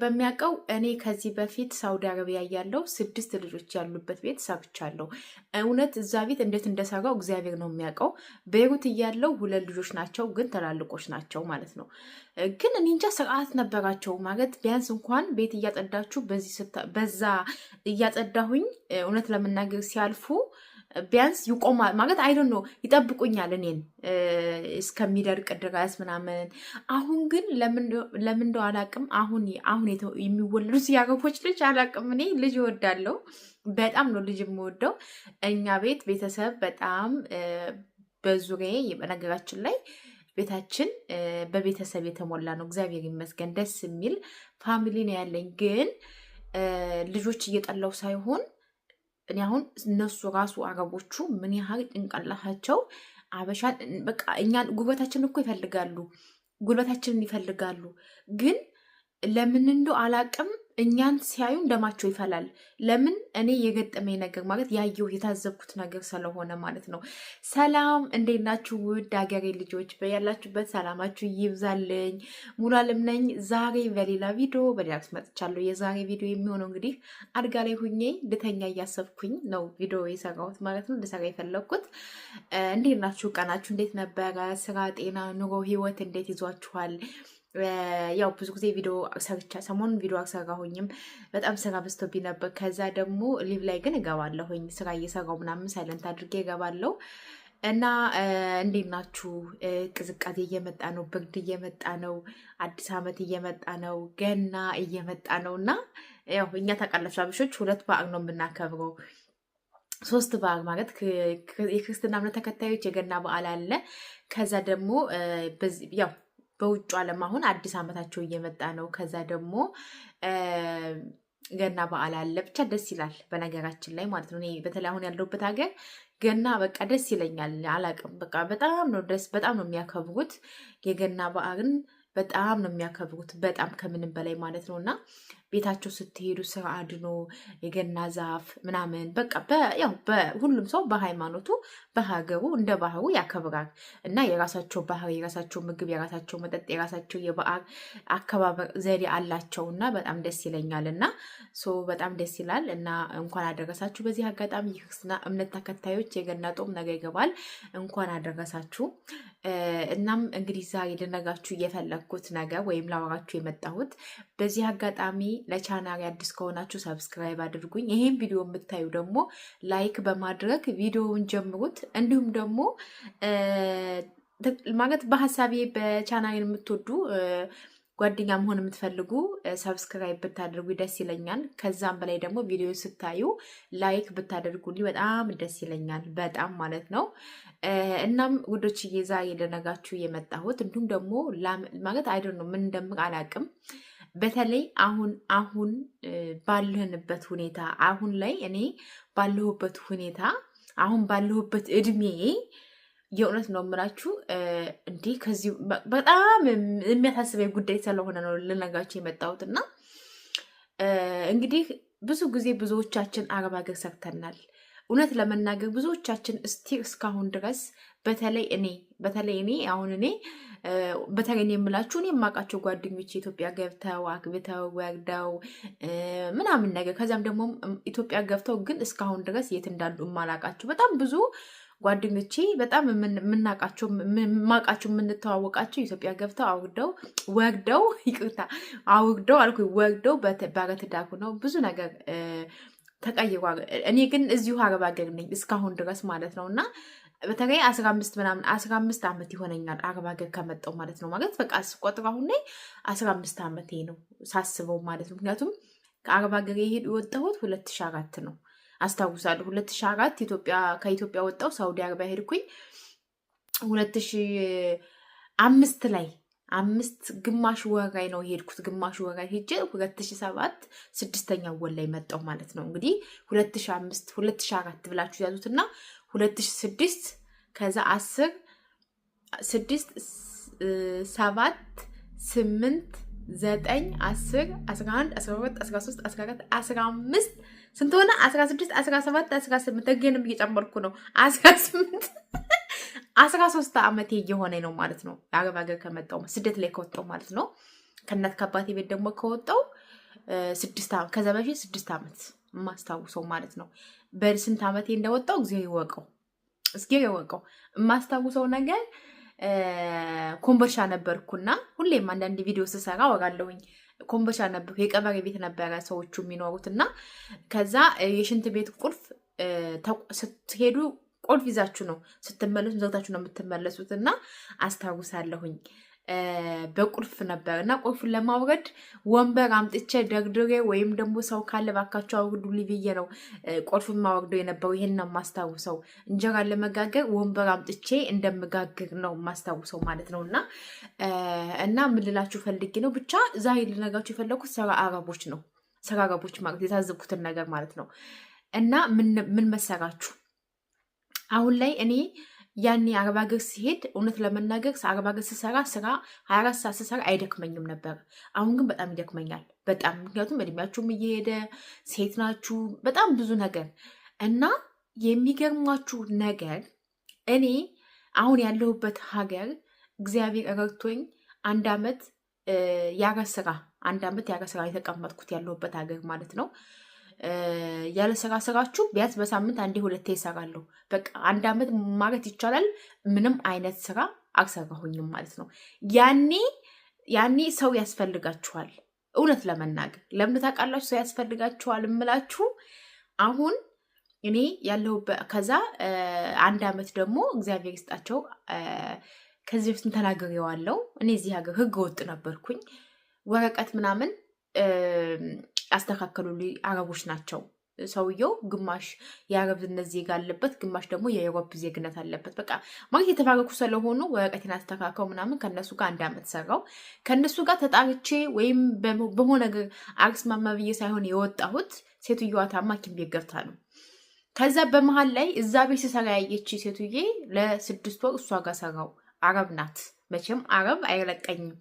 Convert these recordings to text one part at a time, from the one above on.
በሚያውቀው እኔ ከዚህ በፊት ሳውዲ አረቢያ ያለው ስድስት ልጆች ያሉበት ቤት ሰብቻለሁ። እውነት እዛ ቤት እንዴት እንደሰራው እግዚአብሔር ነው የሚያውቀው። ቤሩት እያለው ሁለት ልጆች ናቸው፣ ግን ትላልቆች ናቸው ማለት ነው። ግን እኔ እንጃ ስርዓት ነበራቸው ማለት ቢያንስ እንኳን ቤት እያጸዳችሁ በዛ እያጸዳሁኝ እውነት ለመናገር ሲያልፉ ቢያንስ ይቆማል ማለት አይ ነው ይጠብቁኛል፣ እኔን እስከሚደርቅ ድረስ ምናምን። አሁን ግን ለምን እንደው አላቅም። አሁን አሁን የሚወለዱት የአገቦች ልጅ አላቅም። እኔ ልጅ እወዳለሁ፣ በጣም ነው ልጅ የምወደው። እኛ ቤት ቤተሰብ በጣም በዙሪያ በነገራችን ላይ ቤታችን በቤተሰብ የተሞላ ነው። እግዚአብሔር ይመስገን ደስ የሚል ፋሚሊ ነው ያለኝ። ግን ልጆች እየጠላው ሳይሆን እኔ አሁን እነሱ ራሱ አረቦቹ ምን ያህል ጭንቅላታቸው አበሻ በቃ እኛ ጉልበታችንን እኮ ይፈልጋሉ፣ ጉልበታችንን ይፈልጋሉ። ግን ለምን እንደው አላቅም እኛን ሲያዩን ደማቸው ይፈላል። ለምን እኔ የገጠመኝ ነገር ማለት ያየሁ የታዘብኩት ነገር ስለሆነ ማለት ነው። ሰላም እንዴት ናችሁ ውድ ሀገሬ ልጆች? በያላችሁበት ሰላማችሁ ይብዛልኝ። ሙሉ አለም ነኝ። ዛሬ በሌላ ቪዲዮ በሌላ መጥቻለሁ። የዛሬ ቪዲዮ የሚሆነው እንግዲህ አድጋ ላይ ሁኜ ልተኛ እያሰብኩኝ ነው ቪዲዮ የሰራሁት ማለት ነው። ልሰራ የፈለግኩት እንዴት ናችሁ? ቀናችሁ እንዴት ነበረ? ስራ፣ ጤና፣ ኑሮ፣ ህይወት እንዴት ይዟችኋል? ያው ብዙ ጊዜ ቪዲዮ ሰግቻ ሰሞኑን ቪዲዮ አልሰራሁኝም፣ በጣም ስራ በዝቶብኝ ነበር። ከዛ ደግሞ ሊቭ ላይ ግን እገባለሁኝ ስራ እየሰራው ምናምን ሳይለንት አድርጌ እገባለሁ። እና እንዴት ናችሁ? ቅዝቃዜ እየመጣ ነው፣ ብርድ እየመጣ ነው፣ አዲስ ዓመት እየመጣ ነው፣ ገና እየመጣ ነው። እና ያው እኛ ታውቃላችሁ አብሾች ሁለት በዓል ነው የምናከብረው ሶስት በዓል ማለት የክርስትና እምነት ተከታዮች የገና በዓል አለ። ከዛ ደግሞ ያው በውጭ ዓለም አሁን አዲስ ዓመታቸው እየመጣ ነው። ከዛ ደግሞ ገና በዓል አለ። ብቻ ደስ ይላል። በነገራችን ላይ ማለት ነው እኔ በተለይ አሁን ያለሁበት ሀገር ገና በቃ ደስ ይለኛል። አላቅም በቃ በጣም ነው ደስ በጣም ነው የሚያከብሩት የገና በዓልን በጣም ነው የሚያከብሩት። በጣም ከምንም በላይ ማለት ነው እና ቤታቸው ስትሄዱ ስራ አድኖ የገና ዛፍ ምናምን በቃ ያው ሁሉም ሰው በሃይማኖቱ በሀገሩ እንደ ባህሩ ያከብራል እና የራሳቸው ባህር የራሳቸው ምግብ፣ የራሳቸው መጠጥ፣ የራሳቸው የበዓል አከባበር ዘዴ አላቸው እና በጣም ደስ ይለኛል እና በጣም ደስ ይላል እና እንኳን አደረሳችሁ። በዚህ አጋጣሚ የክርስትና እምነት ተከታዮች የገና ጦም ነገ ይገባል። እንኳን አደረሳችሁ። እናም እንግዲህ ዛሬ ልነጋችሁ እየፈለግኩት ነገር ወይም ላወራችሁ የመጣሁት በዚህ አጋጣሚ ለቻናል አዲስ ከሆናችሁ ሰብስክራይብ አድርጉኝ። ይሄን ቪዲዮ የምታዩ ደግሞ ላይክ በማድረግ ቪዲዮውን ጀምሩት። እንዲሁም ደግሞ ማለት በሀሳቤ በቻናሪን የምትወዱ ጓደኛ መሆን የምትፈልጉ ሰብስክራይብ ብታደርጉ ደስ ይለኛል። ከዛም በላይ ደግሞ ቪዲዮ ስታዩ ላይክ ብታደርጉልኝ በጣም ደስ ይለኛል፣ በጣም ማለት ነው። እናም ውዶችዬ ዛሬ ልነግራችሁ የመጣሁት እንዲሁም ደግሞ ማለት አይደ ነው ምን እንደምቅ አላቅም በተለይ አሁን አሁን ባለንበት ሁኔታ አሁን ላይ እኔ ባለሁበት ሁኔታ አሁን ባለሁበት እድሜ የእውነት ነው የምላችሁ። እንዲህ ከዚህ በጣም የሚያሳስበኝ ጉዳይ ስለሆነ ነው ልነጋቸው የመጣሁት እና እንግዲህ ብዙ ጊዜ ብዙዎቻችን አረብ ሀገር ሰርተናል። እውነት ለመናገር ብዙዎቻችን እስቲ እስካሁን ድረስ በተለይ እኔ በተለይ እኔ አሁን እኔ በተለይ የምላችሁ እኔ የማውቃቸው ጓደኞች ኢትዮጵያ ገብተው አግብተው ወርደው ምናምን ነገር ከዚያም ደግሞ ኢትዮጵያ ገብተው ግን እስካሁን ድረስ የት እንዳሉ የማላውቃቸው በጣም ብዙ ጓደኞቼ በጣም የምናውቃቸው የማውቃቸው የምንተዋወቃቸው ኢትዮጵያ ገብተው አውርደው ወርደው ይቅርታ አውርደው አልኩ ወርደው ባለትዳር ነው ብዙ ነገር ተቀይሮ እኔ ግን እዚሁ አረብ ሀገር ነኝ እስካሁን ድረስ ማለት ነው እና በተለይ አስራ አምስት ምናምን አስራ አምስት ዓመት ይሆነኛል አረብ ሀገር ከመጣሁ ማለት ነው። ማለት በቃ ስቆጥር አሁን ላይ አስራ አምስት ዓመቴ ነው ሳስበው ማለት ነው። ምክንያቱም ከአረብ ሀገር የሄድ የወጣሁት ሁለት ሺ አራት ነው አስታውሳለሁ። ሁለት ሺ አራት ኢትዮጵያ ከኢትዮጵያ ወጣው ሳውዲ አረቢያ ሄድኩኝ ሁለት ሺ አምስት ላይ አምስት ግማሽ ወጋይ ነው የሄድኩት። ግማሽ ወጋይ ሄጄ ሁለት ሺ ሰባት ስድስተኛ ወላይ ላይ ማለት ነው። እንግዲህ ሁለት ሺ አምስት ሁለት ሺ አራት ብላችሁ ያዙትና ሁለት ሺ ስድስት ከዛ አስር ስድስት ሰባት ስምንት ዘጠኝ አስር አስራ አንድ አስራ ሁለት አስራ ሶስት አስራ አራት አስራ አምስት ስንት ሆነ? አስራ ስድስት አስራ ሰባት አስራ ስምንት እየጨመርኩ ነው አስራ ስምንት አስራ ሶስት ዓመቴ እየሆነ ነው ማለት ነው። አረብ ሀገር ከመጣው ስደት ላይ ከወጣው ማለት ነው። ከእናት ከአባቴ ቤት ደግሞ ከወጣው ስድስት ከዛ በፊት ስድስት ዓመት የማስታውሰው ማለት ነው። በስንት ዓመቴ እንደወጣው እግዚአብሔር ይወቀው፣ እግዚአብሔር ይወቀው። የማስታውሰው ነገር ኮምቦልቻ ነበርኩና ሁሌም አንዳንድ ቪዲዮ ስሰራ ወጋለሁኝ ኮምቦልቻ ነበርኩ። የቀበሬ ቤት ነበረ ሰዎቹ የሚኖሩት እና ከዛ የሽንት ቤት ቁልፍ ስትሄዱ ቁልፍ ይዛችሁ ነው ስትመለሱ ዘግታችሁ ነው የምትመለሱት። እና አስታውሳለሁኝ በቁልፍ ነበር እና ቁልፍን ለማውረድ ወንበር አምጥቼ ደርድሬ ወይም ደግሞ ሰው ካለ ባካቸው አውርዱ ልብዬ ነው ቁልፍን ማወርደው የነበረው። ይሄን ነው የማስታውሰው። እንጀራ ለመጋገር ወንበር አምጥቼ እንደምጋግር ነው የማስታውሰው ማለት ነው። እና እና ምልላችሁ ፈልጌ ነው ብቻ ዛሬ ልነግራችሁ የፈለኩት ስራ አረቦች ነው። ስራ አረቦች ማለት የታዘብኩትን ነገር ማለት ነው። እና ምን መሰራችሁ አሁን ላይ እኔ ያኔ አረብ ሀገር ሲሄድ እውነት ለመናገር አረብ ሀገር ስሰራ ስራ ሀያ አራት ሰዓት ስሰራ አይደክመኝም ነበር። አሁን ግን በጣም ይደክመኛል በጣም ምክንያቱም እድሜያችሁም እየሄደ ሴት ናችሁ በጣም ብዙ ነገር እና የሚገርማችሁ ነገር እኔ አሁን ያለሁበት ሀገር እግዚአብሔር ረድቶኝ አንድ አመት ያረ ስራ አንድ አመት ያረ ስራ የተቀመጥኩት ያለሁበት ሀገር ማለት ነው ያለሰጋሰጋችሁ ቢያንስ በሳምንት አንዴ ሁለቴ ይሰራለሁ። በቃ አንድ አመት ማለት ይቻላል ምንም አይነት ስራ አልሰራሁኝም ማለት ነው። ያኔ ያኔ ሰው ያስፈልጋችኋል። እውነት ለመናገር ለምን ታውቃላችሁ? ሰው ያስፈልጋችኋል እምላችሁ አሁን እኔ ያለሁበት ከዛ አንድ አመት ደግሞ እግዚአብሔር ይስጣቸው ከዚህ በፊትም ተናግሬዋለሁ። እኔ እዚህ ሀገር ህገ ወጥ ነበርኩኝ ወረቀት ምናምን ያስተካከሉልኝ አረቦች ናቸው። ሰውየው ግማሽ የአረብነት ዜጋ አለበት፣ ግማሽ ደግሞ የአውሮፕ ዜግነት አለበት። በቃ ማለት የተባረኩ ስለሆኑ ወረቀቴን አስተካከው ምናምን ከነሱ ጋር አንድ ዓመት ሰራው። ከነሱ ጋር ተጣርቼ ወይም በሆነ ነገር አርስማማ ብዬ ሳይሆን የወጣሁት ሴትዮዋ ታማ ሐኪም ቤት ገብታ ነው። ከዛ በመሀል ላይ እዛ ቤት ስሰራ ያየች ሴትዬ ለስድስት ወር እሷ ጋር ሰራው። አረብ ናት። መቼም አረብ አይለቀኝም።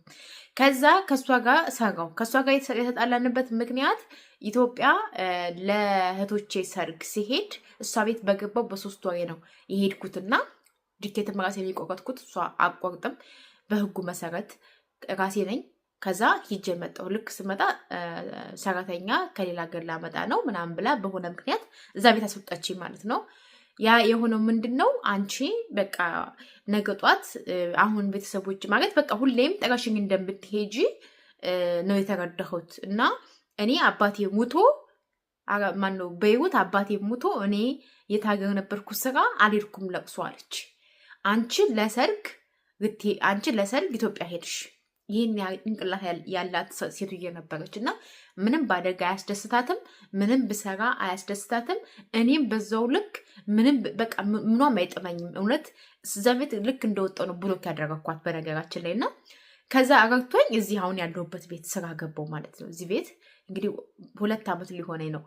ከዛ ከእሷ ጋር ሰራው። ከእሷ ጋር የተጣላንበት ምክንያት ኢትዮጵያ ለእህቶቼ ሰርግ ሲሄድ እሷ ቤት በገባው በሶስት ወሬ ነው የሄድኩትና ዲኬትም ራሴ የሚቆረጥኩት እሷ አቆርጥም በህጉ መሰረት ራሴ ነኝ። ከዛ ሂጅ መጣሁ። ልክ ስመጣ ሰራተኛ ከሌላ ገላ መጣ ነው ምናምን ብላ በሆነ ምክንያት እዛ ቤት አስወጣችኝ ማለት ነው። ያ የሆነው ምንድን ነው? አንቺ በቃ ነገ ጧት አሁን ቤተሰቦች ማለት በቃ ሁሌም ጥረሽኝ እንደምትሄጂ ነው የተረዳሁት። እና እኔ አባቴ ሙቶ ማነው በሕይወት አባቴ ሙቶ እኔ የታገር ነበርኩ ስራ አልሄድኩም ለቅሶ አለች። አንቺ ለሰርግ አንቺ ለሰርግ ኢትዮጵያ ሄድሽ ይህን ጭንቅላት ያላት ሴትዮ ነበረች እና ምንም ባደግ አያስደስታትም፣ ምንም ብሰራ አያስደስታትም። እኔም በዛው ልክ ምንም በቃ ምኗም አይጥመኝም። እውነት እዛ ቤት ልክ እንደወጣው ነው ብሎክ ያደረግኳት በነገራችን ላይ እና ከዛ አረግቶኝ እዚህ አሁን ያለሁበት ቤት ስራ ገባው ማለት ነው። እዚህ ቤት እንግዲህ ሁለት ዓመት ሊሆነኝ ነው።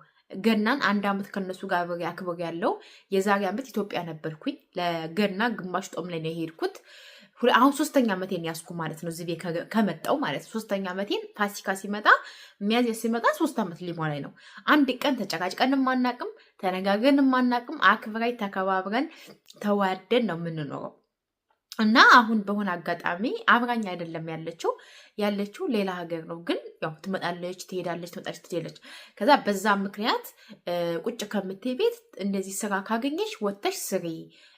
ገናን አንድ ዓመት ከነሱ ጋር አክብር ያለው የዛሬ ዓመት ኢትዮጵያ ነበርኩኝ። ለገና ግማሽ ጦም ላይ ነው የሄድኩት። አሁን ሶስተኛ ዓመቴን ያስኩ ማለት ነው። ዝቤ ከመጣው ማለት ነው ሶስተኛ ዓመቴን ፋሲካ ሲመጣ ሚያዝያ ሲመጣ ሶስት ዓመት ሊሞላኝ ነው። አንድ ቀን ተጨቃጭቀን ማናቅም፣ ተነጋግረን ማናቅም። አክብራይ ተከባብረን ተዋደን ነው የምንኖረው እና አሁን በሆነ አጋጣሚ አብራኝ አይደለም ያለችው ያለችው ሌላ ሀገር ነው። ግን ያው ትመጣለች፣ ትሄዳለች፣ ትመጣለች፣ ትሄዳለች። ከዛ በዛ ምክንያት ቁጭ ከምትይ ቤት እንደዚህ ስራ ካገኘች ወጥተሽ ስሪ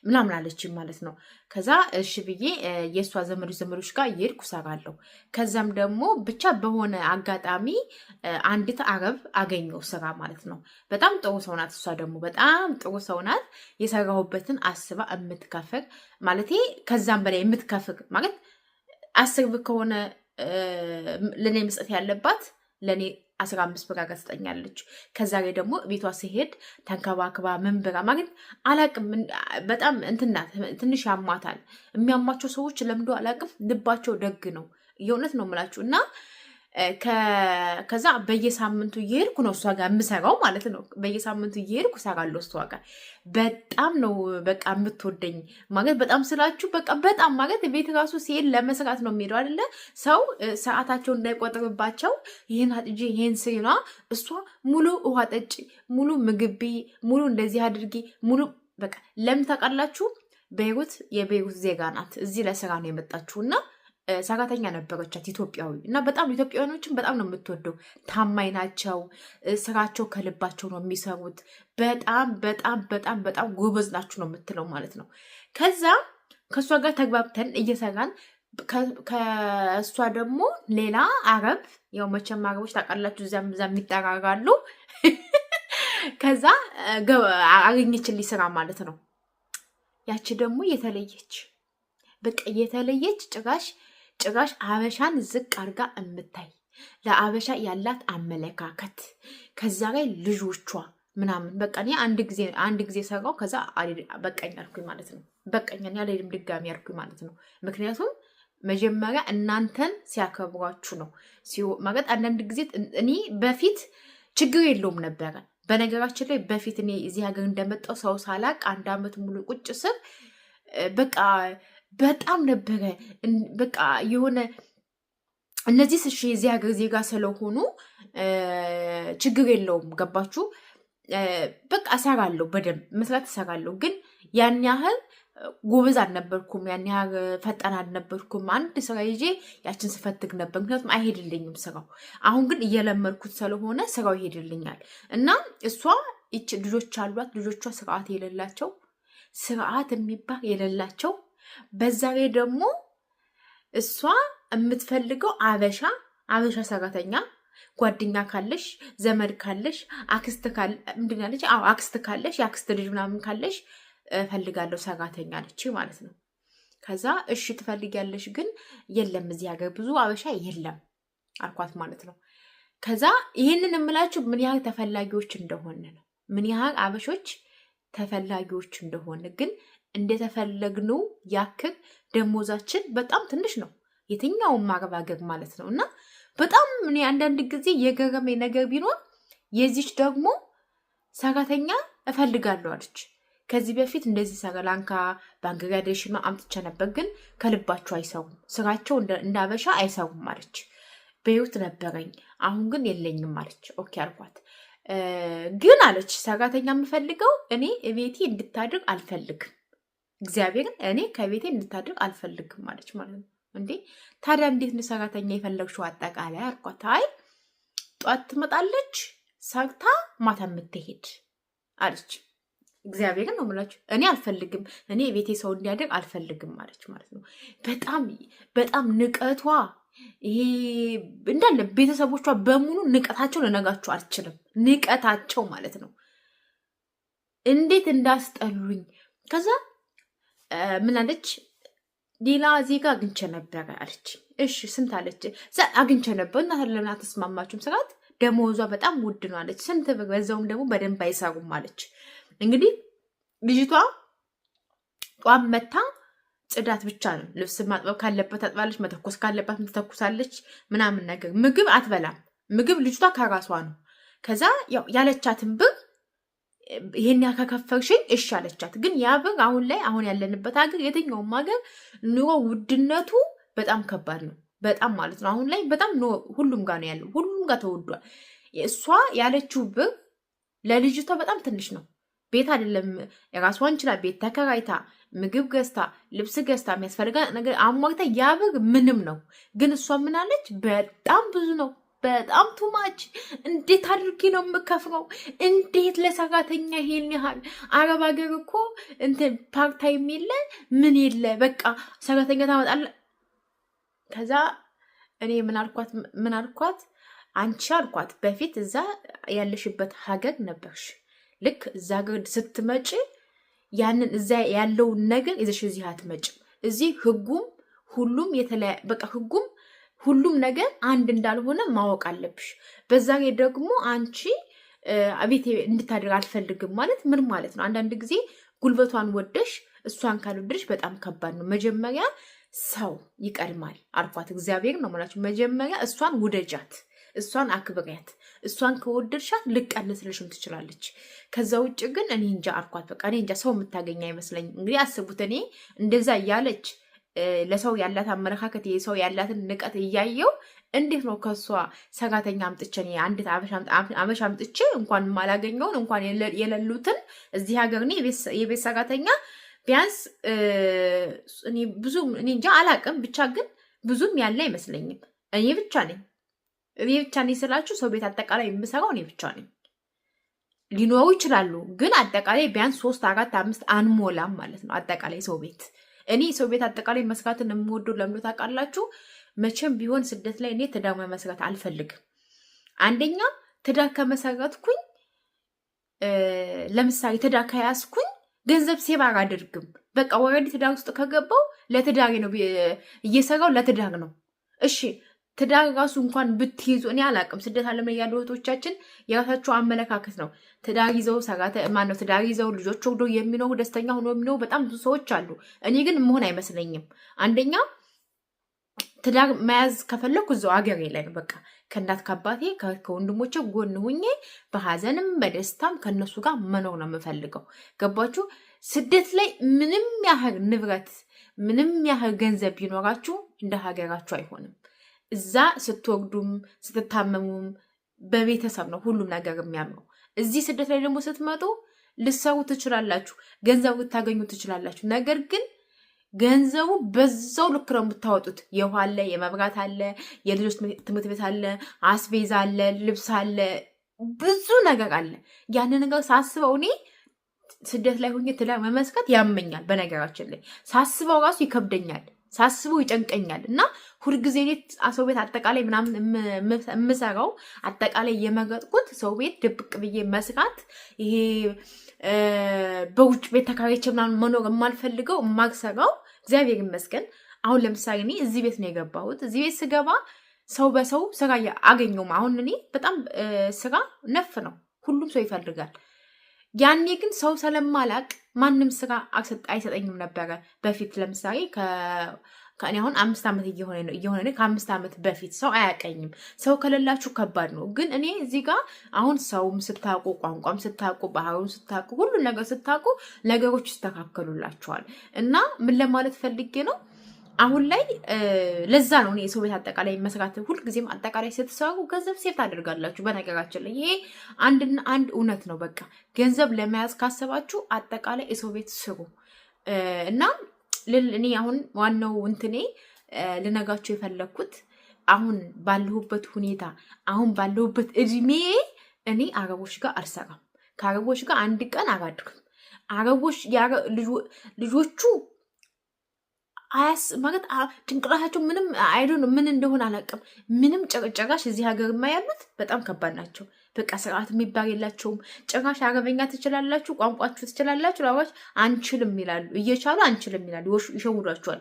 ምናምን አለች ማለት ነው። ከዛ እሺ ብዬ የእሷ ዘመዶች ዘመዶች ጋር እየሄድኩ እሰራለሁ። ከዛም ደግሞ ብቻ በሆነ አጋጣሚ አንዲት አረብ አገኘው ስራ ማለት ነው። በጣም ጥሩ ሰው ናት። እሷ ደግሞ በጣም ጥሩ ሰው ናት። የሰራሁበትን አስባ የምትከፍር ማለት ከዛም በላይ የምትከፍር ማለት አስር ብር ከሆነ ለእኔ መስጠት ያለባት ለእኔ አስራ አምስት ብር ጋር ትሰጠኛለች። ከዛ ላይ ደግሞ ቤቷ ሲሄድ ተንከባክባ ምን ብራ ማግኘት አላቅም። በጣም እንትና ትንሽ ያማታል። የሚያማቸው ሰዎች ለምዶ አላቅም። ልባቸው ደግ ነው። የእውነት ነው የምላችሁ እና ከዛ በየሳምንቱ እየሄድኩ ነው እሷ ጋር የምሰራው ማለት ነው። በየሳምንቱ እየሄድኩ እሰራለሁ እሷ ጋር። በጣም ነው በቃ የምትወደኝ ማለት በጣም ስላችሁ በቃ በጣም ማለት ቤት ራሱ ሲሄድ ለመስራት ነው የሚሄደው አይደለ? ሰው ሰዓታቸው እንዳይቆጥርባቸው ይህን አጥጂ ይህን ስሪና፣ እሷ ሙሉ ውሃ ጠጪ፣ ሙሉ ምግቢ፣ ሙሉ እንደዚህ አድርጊ፣ ሙሉ በቃ ለምን ታውቃላችሁ? ቤይሩት የቤይሩት ዜጋ ናት። እዚህ ለስራ ነው የመጣችሁና ሰራተኛ ነበረቻት ኢትዮጵያዊ እና በጣም ኢትዮጵያውያኖችን በጣም ነው የምትወደው። ታማኝ ናቸው። ስራቸው ከልባቸው ነው የሚሰሩት። በጣም በጣም በጣም በጣም ጎበዝ ናችሁ ነው የምትለው ማለት ነው። ከዛ ከእሷ ጋር ተግባብተን እየሰራን ከእሷ ደግሞ ሌላ አረብ ያው መቼም አረቦች ታውቃላችሁ፣ እዚያም እዚያም ይጠራራሉ። ከዛ አገኘችልኝ ስራ ማለት ነው። ያቺ ደግሞ የተለየች በቃ የተለየች ጭራሽ ጭራሽ አበሻን ዝቅ አድርጋ የምታይ ለአበሻ ያላት አመለካከት ከዛ ላይ ልጆቿ ምናምን በቃ እኔ አንድ ጊዜ አንድ ጊዜ ሰራው ከዛ በቀኝ አልኩኝ ማለት ነው። በቃኛን ያለድም ድጋሚ አልኩኝ ማለት ነው። ምክንያቱም መጀመሪያ እናንተን ሲያከብሯችሁ ነው ማለት አንዳንድ ጊዜ እኔ በፊት ችግር የለውም ነበረ። በነገራችን ላይ በፊት እኔ እዚህ ሀገር እንደመጣው ሰው ሳላቅ አንድ አመት ሙሉ ቁጭ ስር በቃ በጣም ነበረ በቃ የሆነ እነዚህ ስሽ የዚህ ሀገር ዜጋ ስለሆኑ ችግር የለውም ገባችሁ በቃ እሰራለሁ በደንብ መስራት እሰራለሁ ግን ያን ያህል ጎበዝ አልነበርኩም ያን ያህል ፈጣን አልነበርኩም አንድ ስራ ይዤ ያችን ስፈትግ ነበር ምክንያቱም አይሄድልኝም ስራው አሁን ግን እየለመድኩት ስለሆነ ስራው ይሄድልኛል እና እሷ ይች ልጆች አሏት ልጆቿ ስርዓት የሌላቸው ስርዓት የሚባል የሌላቸው በዛ ላይ ደግሞ እሷ የምትፈልገው አበሻ አበሻ ሰራተኛ ጓደኛ ካለሽ ዘመድ ካለሽ አክስት ምንድን ያለች አዎ አክስት ካለሽ የአክስት ልጅ ምናምን ካለሽ እፈልጋለሁ ሰራተኛ አለች ማለት ነው። ከዛ እሺ ትፈልጊያለሽ፣ ግን የለም እዚህ ሀገር ብዙ አበሻ የለም አልኳት ማለት ነው። ከዛ ይህንን የምላችሁ ምን ያህል ተፈላጊዎች እንደሆነ ነው ምን ያህል አበሾች ተፈላጊዎች እንደሆነ ግን እንደተፈለግነው ያክል ደሞዛችን በጣም ትንሽ ነው። የትኛውም ማገባገብ ማለት ነው እና በጣም እኔ አንዳንድ ጊዜ የገረሜ ነገር ቢኖር የዚች ደግሞ ሰራተኛ እፈልጋለሁ አለች። ከዚህ በፊት እንደዚህ ሰሪላንካ፣ ባንግላዴሽ አምጥቼ ነበር፣ ግን ከልባቸው አይሰሩም፣ ስራቸው እንደ አበሻ አይሰሩም አለች። በህይወት ነበረኝ፣ አሁን ግን የለኝም አለች። ኦኬ አልኳት። ግን አለች ሰራተኛ የምፈልገው እኔ ቤቴ እንድታድር አልፈልግም እግዚአብሔርን እኔ ከቤቴ እንድታደርግ አልፈልግም አለች ማለት ነው። እንዴ ታዲያ እንዴት ነው ሰራተኛ የፈለግሽው? አጠቃላይ አልኳት። አይ ጧት ትመጣለች ሰርታ ማታ የምትሄድ አለች። እግዚአብሔርን ነው የምላችሁ እኔ አልፈልግም፣ እኔ የቤቴ ሰው እንዲያደርግ አልፈልግም አለች ማለት ነው። በጣም በጣም ንቀቷ ይሄ እንዳለ ቤተሰቦቿ በሙሉ ንቀታቸው ልነጋችሁ አልችልም። ንቀታቸው ማለት ነው እንዴት እንዳስጠሉኝ ከዛ ምናለች ሌላ ዜጋ አግኝቼ ነበረ አለች። እሺ ስንት አለች? አግኝቼ ነበር እና ለምን አልተስማማችሁም ስላት ደሞዟ በጣም ውድ ነው አለች። ስንት በዛውም ደግሞ በደንብ አይሰሩም አለች። እንግዲህ ልጅቷ ጧም መታ ጽዳት ብቻ ነው። ልብስ ማጥበብ ካለበት አጥባለች፣ መተኮስ ካለባት ምትተኩሳለች፣ ምናምን ነገር። ምግብ አትበላም። ምግብ ልጅቷ ከራሷ ነው። ከዛ ያለቻትን ብር ይሄን ያህል ከከፈልሽኝ እሺ አለቻት። ግን ያ ብር አሁን ላይ አሁን ያለንበት ሀገር፣ የትኛውም ሀገር ኑሮ ውድነቱ በጣም ከባድ ነው። በጣም ማለት ነው። አሁን ላይ በጣም ሁሉም ጋር ነው ያለው፣ ሁሉም ጋር ተወዷል። እሷ ያለችው ብር ለልጅቷ በጣም ትንሽ ነው። ቤት አይደለም ራሷን ችላ ቤት ተከራይታ ምግብ ገዝታ ልብስ ገዝታ የሚያስፈልጋ ነገር አሟርታ ያ ብር ምንም ነው። ግን እሷ ምናለች? በጣም ብዙ ነው በጣም ቱማች። እንዴት አድርጌ ነው የምከፍረው? እንዴት ለሰራተኛ ይሄን ያህል? አረብ ሀገር እኮ እንትን ፓርታይም የለ ምን የለ፣ በቃ ሰራተኛ ታመጣለ። ከዛ እኔ ምናልኳት አልኳት አንቺ አልኳት፣ በፊት እዛ ያለሽበት ሀገር ነበርሽ። ልክ እዛ ሀገር ስትመጪ ያንን እዛ ያለውን ነገር ይዘሽ እዚህ አትመጭም። እዚህ ህጉም ሁሉም በቃ ህጉም ሁሉም ነገር አንድ እንዳልሆነ ማወቅ አለብሽ። በዛ ደግሞ አንቺ ቤት እንድታደርግ አልፈልግም ማለት ምን ማለት ነው? አንዳንድ ጊዜ ጉልበቷን ወደሽ እሷን ካልወደድሽ በጣም ከባድ ነው። መጀመሪያ ሰው ይቀድማል አልኳት። እግዚአብሔር ነው ምላችሁ። መጀመሪያ እሷን ውደጃት፣ እሷን አክብሪያት። እሷን ከወደድሻት ልቀንስልሽም ትችላለች። ከዛ ውጭ ግን እኔ እንጃ አልኳት። በቃ እኔ እንጃ ሰው የምታገኝ አይመስለኝ። እንግዲህ አስቡት። እኔ እንደዛ እያለች ለሰው ያላት አመለካከት የሰው ያላትን ንቀት እያየው እንዴት ነው ከሷ ሰጋተኛ አምጥቼ እኔ አመሻ አበሻ አምጥቼ እንኳን የማላገኘውን እንኳን የሌሉትን እዚህ ሀገር እኔ የቤት ሰጋተኛ ቢያንስ እኔ ብዙ እኔ እንጃ አላቅም፣ ብቻ ግን ብዙም ያለ አይመስለኝም። እኔ ብቻ ነኝ እኔ ብቻ ነኝ ስላችሁ ሰው ቤት አጠቃላይ የምሰራው እኔ ብቻ ነኝ። ሊኖሩ ይችላሉ፣ ግን አጠቃላይ ቢያንስ ሶስት አራት አምስት አንሞላም ማለት ነው አጠቃላይ ሰው ቤት እኔ ሰው ቤት አጠቃላይ መስራትን የምወደው ለምዶ ታውቃላችሁ? መቼም ቢሆን ስደት ላይ እኔ ትዳር መስራት አልፈልግም። አንደኛ ትዳር ከመሰጋትኩኝ፣ ለምሳሌ ትዳር ከያዝኩኝ ገንዘብ ሴቭ አላደርግም። በቃ ወረዲ ትዳር ውስጥ ከገባው ለትዳሬ ነው እየሰራው ለትዳር ነው። እሺ ትዳር ራሱ እንኳን ብትይዙ እኔ አላቅም። ስደት አለምን ያሉ እህቶቻችን የራሳቸው አመለካከት ነው። ትዳር ይዘው ሰራተ ማነው ትዳር ይዘው ልጆች ወልዶ የሚኖሩ ደስተኛ ሆኖ የሚኖሩ በጣም ብዙ ሰዎች አሉ። እኔ ግን መሆን አይመስለኝም። አንደኛ ትዳር መያዝ ከፈለኩ እዛው አገሬ ላይ ነው። በቃ ከእናት ከአባቴ ከወንድሞቼ ጎን ሁኜ በሀዘንም በደስታም ከእነሱ ጋር መኖር ነው የምፈልገው። ገባችሁ? ስደት ላይ ምንም ያህል ንብረት ምንም ያህል ገንዘብ ቢኖራችሁ እንደ ሀገራችሁ አይሆንም። እዛ ስትወግዱም ስትታመሙም በቤተሰብ ነው ሁሉም ነገር የሚያምነው። እዚህ ስደት ላይ ደግሞ ስትመጡ ልሰሩ ትችላላችሁ፣ ገንዘብ ልታገኙ ትችላላችሁ። ነገር ግን ገንዘቡ በዛው ልክ ነው የምታወጡት። የውሃ አለ፣ የመብራት አለ፣ የልጆች ትምህርት ቤት አለ፣ አስቤዛ አለ፣ ልብስ አለ፣ ብዙ ነገር አለ። ያንን ነገር ሳስበው እኔ ስደት ላይ ሆኜ ትዳር መመስከት ያመኛል። በነገራችን ላይ ሳስበው ራሱ ይከብደኛል። ሳስበው ይጨንቀኛል እና ሁልጊዜ እኔት ሰው ቤት አጠቃላይ ምናምን የምሰራው አጠቃላይ የመረጥኩት ሰው ቤት ድብቅ ብዬ መስራት ይሄ በውጭ ቤት ተካሪች ምናምን መኖር የማልፈልገው የማልሰራው እግዚአብሔር ይመስገን። አሁን ለምሳሌ እኔ እዚህ ቤት ነው የገባሁት። እዚህ ቤት ስገባ ሰው በሰው ስራ አገኘውም። አሁን እኔ በጣም ስራ ነፍ ነው፣ ሁሉም ሰው ይፈልጋል። ያኔ ግን ሰው ስለማላቅ ማንም ስራ አይሰጠኝም ነበረ። በፊት ለምሳሌ ከእኔ አሁን አምስት ዓመት እየሆነ ነው እየሆነ ነው። ከአምስት ዓመት በፊት ሰው አያቀኝም። ሰው ከሌላችሁ ከባድ ነው። ግን እኔ እዚህ ጋር አሁን ሰውም ስታውቁ፣ ቋንቋም ስታውቁ፣ ባህሩም ስታውቁ፣ ሁሉን ነገር ስታውቁ ነገሮች ይስተካከሉላችኋል። እና ምን ለማለት ፈልጌ ነው አሁን ላይ ለዛ ነው እኔ የሰው ቤት አጠቃላይ መስራት ሁልጊዜም አጠቃላይ ስትሰሩ ገንዘብ ሴፍ ታደርጋላችሁ። በነገራችን ላይ ይሄ አንድና አንድ እውነት ነው። በቃ ገንዘብ ለመያዝ ካሰባችሁ አጠቃላይ የሰው ቤት ስሩ እና እኔ አሁን ዋናው እንትኔ ልነጋችሁ የፈለግኩት አሁን ባለሁበት ሁኔታ አሁን ባለሁበት እድሜ እኔ አረቦች ጋር አልሰራም። ከአረቦች ጋር አንድ ቀን አላድርም። አረቦች ልጆቹ አያስ ማለት ጭንቅላታቸው ምንም አይዶን ምን እንደሆነ አላውቅም። ምንም ጨቅጨራሽ እዚህ ሀገርማ ያሉት በጣም ከባድ ናቸው። በቃ ስርዓት የሚባል የላቸውም። ጭራሽ አረበኛ ትችላላችሁ፣ ቋንቋችሁ ትችላላችሁ፣ ላራች አንችልም ይላሉ። እየቻሉ አንችልም ይላሉ። ይሸውዷቸዋል።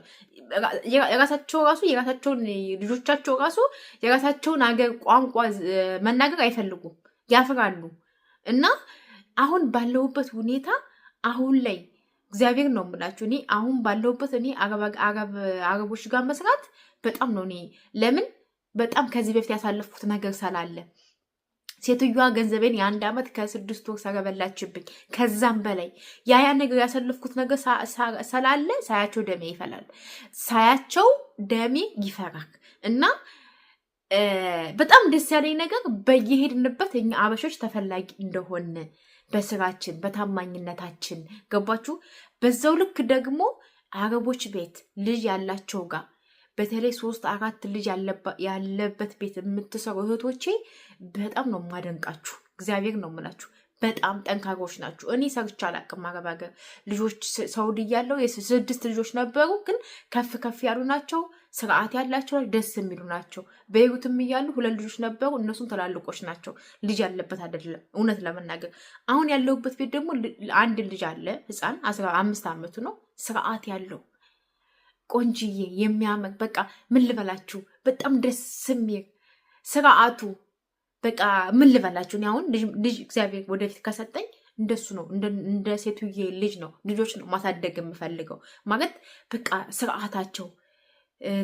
የራሳቸው ራሱ የራሳቸውን ልጆቻቸው ራሱ የራሳቸውን ሀገር ቋንቋ መናገር አይፈልጉም፣ ያፍራሉ። እና አሁን ባለሁበት ሁኔታ አሁን ላይ እግዚአብሔር ነው የምላችሁ። እኔ አሁን ባለሁበት እኔ አረቦች ጋር መስራት በጣም ነው እኔ ለምን በጣም ከዚህ በፊት ያሳለፍኩት ነገር ስላለ ሴትዮዋ ገንዘቤን የአንድ ዓመት ከስድስት ወር ሰረበላችብኝ ከዛም በላይ ያያ ነገር ያሳለፍኩት ነገር ስላለ ሳያቸው ደሜ ይፈላል፣ ሳያቸው ደሜ ይፈራል። እና በጣም ደስ ያለኝ ነገር በየሄድንበት እኛ አበሾች ተፈላጊ እንደሆን በስራችን በታማኝነታችን ገባችሁ። በዛው ልክ ደግሞ አረቦች ቤት ልጅ ያላቸው ጋር በተለይ ሶስት አራት ልጅ ያለበት ቤት የምትሰሩ እህቶቼ በጣም ነው የማደንቃችሁ። እግዚአብሔር ነው የምላችሁ። በጣም ጠንካሮች ናችሁ። እኔ ሰርቼ አላቅም አረብ ሀገር ልጆች ሰውድ እያለሁ ልጆች ነበሩ፣ ግን ከፍ ከፍ ያሉ ናቸው። ስርዓት ያላቸው ደስ የሚሉ ናቸው። በህይወትም እያሉ ሁለት ልጆች ነበሩ። እነሱም ትላልቆች ናቸው። ልጅ ያለበት አይደለም። እውነት ለመናገር አሁን ያለሁበት ቤት ደግሞ አንድ ልጅ አለ፣ ህፃን አስራ አምስት ዓመቱ ነው። ስርዓት ያለው ቆንጅዬ የሚያምር በቃ ምን ልበላችሁ፣ በጣም ደስ የሚል ስርዓቱ በቃ ምን ልበላችሁ። አሁን ልጅ እግዚአብሔር ወደፊት ከሰጠኝ እንደሱ ነው። እንደ ሴቱዬ ልጅ ነው ልጆች ነው ማሳደግ የምፈልገው ማለት በቃ ስርዓታቸው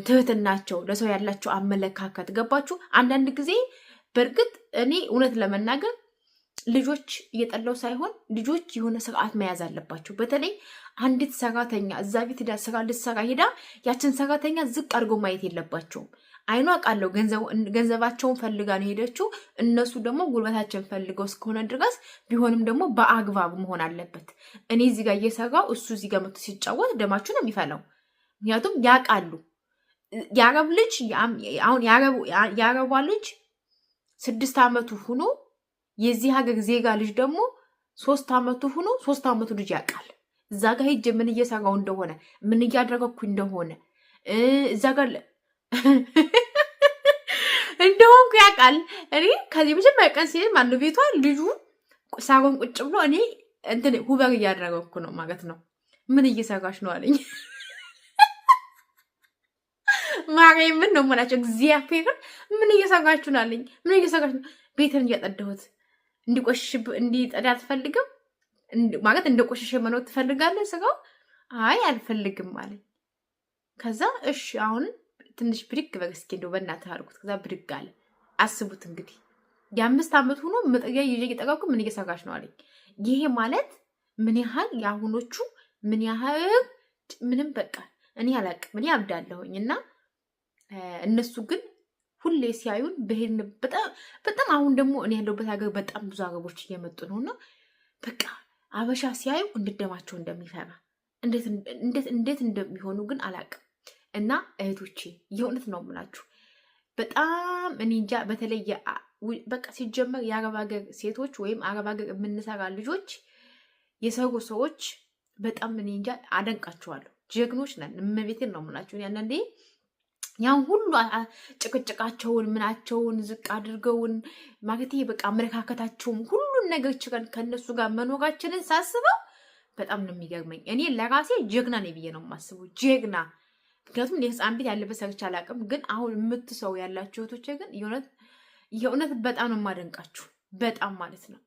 ትህትናቸው፣ ለሰው ያላቸው አመለካከት ገባችሁ። አንዳንድ ጊዜ በእርግጥ እኔ እውነት ለመናገር ልጆች እየጠላው ሳይሆን ልጆች የሆነ ስርዓት መያዝ አለባቸው። በተለይ አንዲት ሰራተኛ እዛ ቤት ሄዳ ስራ ልትሰራ ሄዳ ያችን ሰራተኛ ዝቅ አድርጎ ማየት የለባቸውም። አይኖ አውቃለሁ ገንዘባቸውን ፈልጋ ነው ሄደችው። እነሱ ደግሞ ጉልበታቸውን ፈልገው እስከሆነ ድረስ ቢሆንም ደግሞ በአግባብ መሆን አለበት። እኔ እዚጋ እየሰራው እሱ እዚጋ መቶ ሲጫወት ደማችሁ ነው የሚፈላው። ምክንያቱም ያውቃሉ የአረብ ልጅ አሁን የአረቧ ልጅ ስድስት ዓመቱ ሁኖ የዚህ ሀገር ዜጋ ልጅ ደግሞ ሶስት ዓመቱ ሁኖ ሶስት ዓመቱ ልጅ ያውቃል። እዛ ጋር ሄጄ ምን እየሰራው እንደሆነ ምን እያደረገኩ እንደሆነ እዛ ጋር እንደሆንኩ ያውቃል። እኔ ከዚህ መጀመሪያ ቀን ሲሄድ ማነው ቤቷ ልጁ ሳሮን ቁጭ ብሎ እኔ እንትን ሁበር እያደረገኩ ነው ማለት ነው። ምን እየሰራች ነው አለኝ። ማርያም ምን ነው የምላቸው እግዚአብሔርን ምን እየሰራችሁ ነው አለኝ። ምን እየሰራችሁ ነው? ቤትን እያጠዳሁት እንዲቆሽሽ እንዲጠዳ አትፈልግም ማለት እንደ ቆሸሸ መኖር ትፈልጋለህ? ስራው አይ አልፈልግም አለኝ። ከዛ እሺ አሁን ትንሽ ብድግ በል እስኪ እንደው በእናትህ አልኩት። ከዛ ብድግ አለ። አስቡት እንግዲህ የአምስት ዓመት ሆኖ መጠጊያ ይዤ እየጠጋኩ ምን እየሰራች ነው አለኝ። ይሄ ማለት ምን ያህል የአሁኖቹ ምን ያህል ምንም በቃ እኔ አላቅም እኔ አብዳለሁኝ እና እነሱ ግን ሁሌ ሲያዩን በሄድን በጣም አሁን ደግሞ እኔ ያለሁበት ሀገር በጣም ብዙ ሀገሮች እየመጡ ነው እና በቃ አበሻ ሲያዩ እንድደማቸው እንደሚፈራ እንዴት እንዴት እንደሚሆኑ ግን አላቅም። እና እህቶቼ የእውነት ነው የምላችሁ በጣም እኔ እንጃ በተለየ በቃ ሲጀመር የአረብ ሀገር ሴቶች ወይም አረብ ሀገር የምንሰራ ልጆች የሰሩ ሰዎች በጣም እኔ እንጃ አደንቃችኋለሁ። ጀግኖች ነን። እመቤቴን ነው የምላችሁ አንዳንዴ ያን ሁሉ ጭቅጭቃቸውን ምናቸውን ዝቅ አድርገውን ማለቴ በቃ አመለካከታቸውም ሁሉን ነገር ችለን ከእነሱ ጋር መኖጋችንን ሳስበው በጣም ነው የሚገርመኝ። እኔ ለራሴ ጀግና ነኝ ብዬ ነው የማስበው ጀግና። ምክንያቱም የህፃን ቤት ያለበት ሰርቼ አላውቅም፣ ግን አሁን የምትሰው ያላችሁ እህቶቼ ግን የእውነት በጣም ነው የማደንቃችሁ በጣም ማለት ነው።